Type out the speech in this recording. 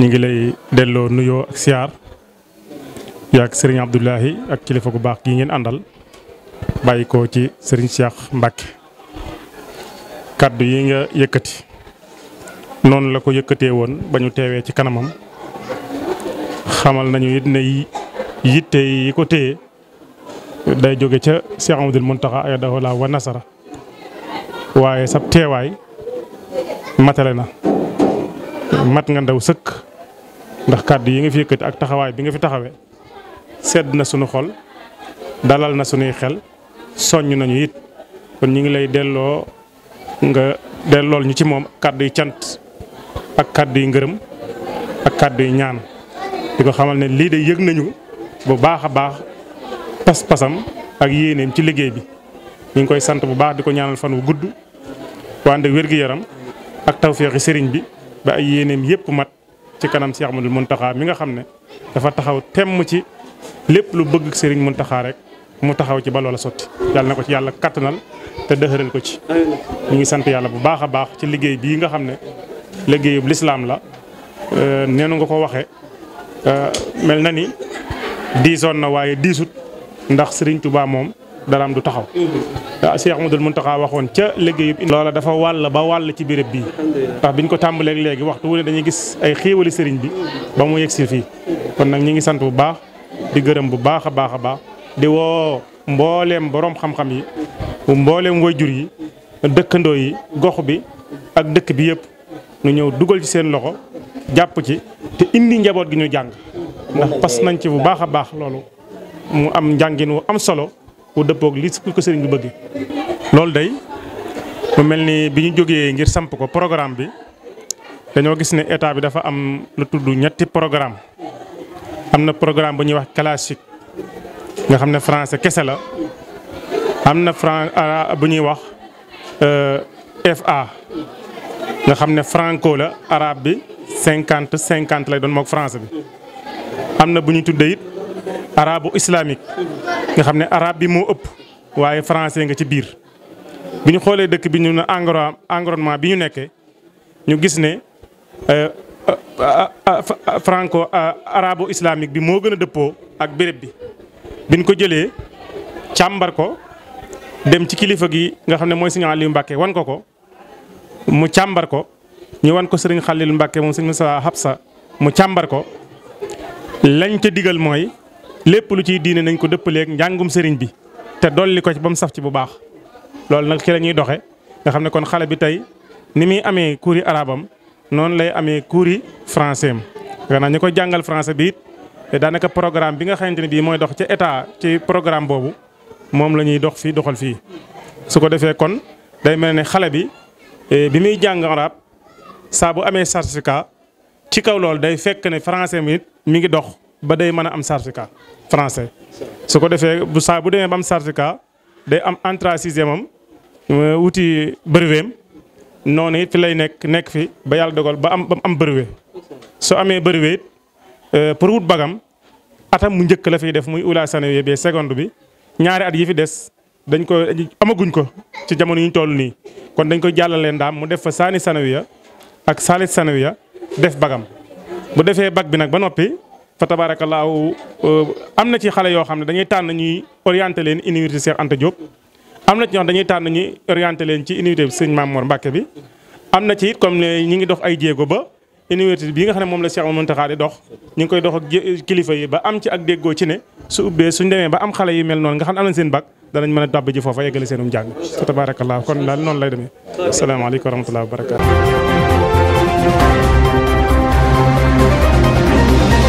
ñu ngi lay delloo nuyoo ak siyaar yaak sëriñ Abdoulahi ak kilifa gu baax gi ngeen àndal bàyyi ko ci sëriñ Cheikh Mbacke kàddu yi nga yëkkati noonu la ko yëkkatee woon ba ñu teewee ci kanamam xamal nañu it na yitte yi ko téye day jóge ca Cheikh Amadou Mountakha ayadahu la wa nasara waaye sab teewaay matale na mat nga ndaw sëkk ndax kàddu yi nga fi yëkkati ak taxawaay bi nga fi taxawee sedd na sunu xol dalal na sunuy xel soññ nañu it kon ñu ngi lay delloo nga dellool ñu ci moom kàddu yi cant ak kàddu yi ngërëm ak kàddu yi ñaan di ko xamal ne lii de yëg nañu bu baax a baax pas-pasam ak yéeneem ci liggéey bi ñu ngi koy sant bu baax di ko ñaanal fan wu gudd wànd wér-gi-yaram ak tawféexi sëriñ bi ba ay yéeneem yépp mat ci kanam Cheikh Ahmadou taxaa mi nga xam ne dafa taxaw temm ci lépp lu bëgg mun taxaa rek mu taxaw ci ba loola sotti yàlla na ko ci yàlla kattanal te dëxëral ko ci. ñu ngi sant yàlla bu baax a baax ci liggéey bii nga xam ne liggéeyub lislaam la euh, neenu nga ko waxee euh, mel na ni diisoon na waaye diisut ndax Serigne Touba moom. daraam du taxaw ah Cheikh Ahmadoul Mountakha waxoon ca liggéeyub loola dafa wàll ba wàll ci béréb bii ndax biñ ko tàmbaleeg léegi waxtu wu ne dañuy gis ay xéewali sëriñ bi ba mu yegsi fii kon nag ñu ngi sant bu baax di gërëm bu baax a baax a baax di woo mbooleem boroom xam-xam yi mbooleem jur yi dëkkandoo yi gox bi ak dëkk bi yëpp nu ñëw dugal ci seen loxo jàpp ci te indi njaboot gi ñu jàng ndax pas nañ ci bu baax a baax loolu mu am njàngin wu am solo ku dëppoog li ko sëriñ bi bëgg loolu day mu mel ni bi ñu jógee ngir samp ko programme bi dañoo gis ne état bi dafa am lu tudd ñetti programme am na programme bu ñuy wax classique nga xam ne français kese la am na franc ah, bu ñuy wax euh, FA nga xam ne franco la arabe bi cinquante cinquante lay doon mook français bi am na bu ñu tuddee it arabu islamique nga xam ne arabe bi moo ëpp waaye français nga ci biir bu ñu xoolee dëkk bi ñu ne engrais environnement bi ñu nekkee ñu gis ne euh, euh, euh, franco arabo islamique bi moo gën a dëppoo ak béréb bi biñ ko jëlee càmbar ko dem ci kilifa gi nga xam ne mooy Serigne Aliou Mbacke wan ko ko mu càmbar ko ñu wan ko Serigne Khalil Mbacke moom Serigne Moussa Habsa mu càmbar ko lañ ca digal mooy lépp lu ciy diine nañ ko dëppaleeg njàngum sëriñ bi te dolli ko ci ba mu saf ci bu baax loolu nag ci la ñuy doxee nga xam ne kon xale bi tey ni muy amee cours yi arabam noonu lay amee cours yi français am. xanaa ñu koy jàngal français bi it daanaka programme bi nga xamante ne bii mooy dox ci état ci programme boobu moom la ñuy dox fii doxal fii su ko defee kon day mel ne xale bi e, bi muy jàng arab saa bu amee certificat ci kaw loolu day fekk ne français mi mi ngi dox. ba day mën a am certificat français. su ko defee bu saa bu demee ba am certificat day am entrée sixième am euh, wuti brevet am noonu it fi lay nekk nekk fi ba yàlla dogal ba am ba am brevet su amee brevet it euh, pour wut bagam atam mu njëkk la fiy def muy ula sanawiya bi seconde bi ñaari at yi fi des dañ ko amaguñ ko ci jamono yi ñu toll nii kon dañ koy jàllalee daam mu def fa saani sanawiya ak saalis sanawiya def bagam bu defee bag bi nag ba noppi. fa tabaarakallaahu euh, am na ci xale yoo xam ne dañuy tànn ñuy orienté leen université Cheikh Anta Diop am na ci ñoo xam dañuy tànn ñuy oriente leen ci université bi sëñ Maam Mor bi am na ci it comme ñi ngi dox ay jéego ba université bi nga xam ne moom la Cheikh Mountakha di dox ñu ngi koy dox ak euh, kilifa yi ba am ci ak déggoo ci ne su ubbee suñ demee ba am xale yi mel noonu nga xam ne am nañ seen bac danañ mën a tàbb ji foofa yeggale seenum jàng fa tabaarakallaahu kon daal noonu lay demee asalaamaaleykum wa rahmatullaahi wa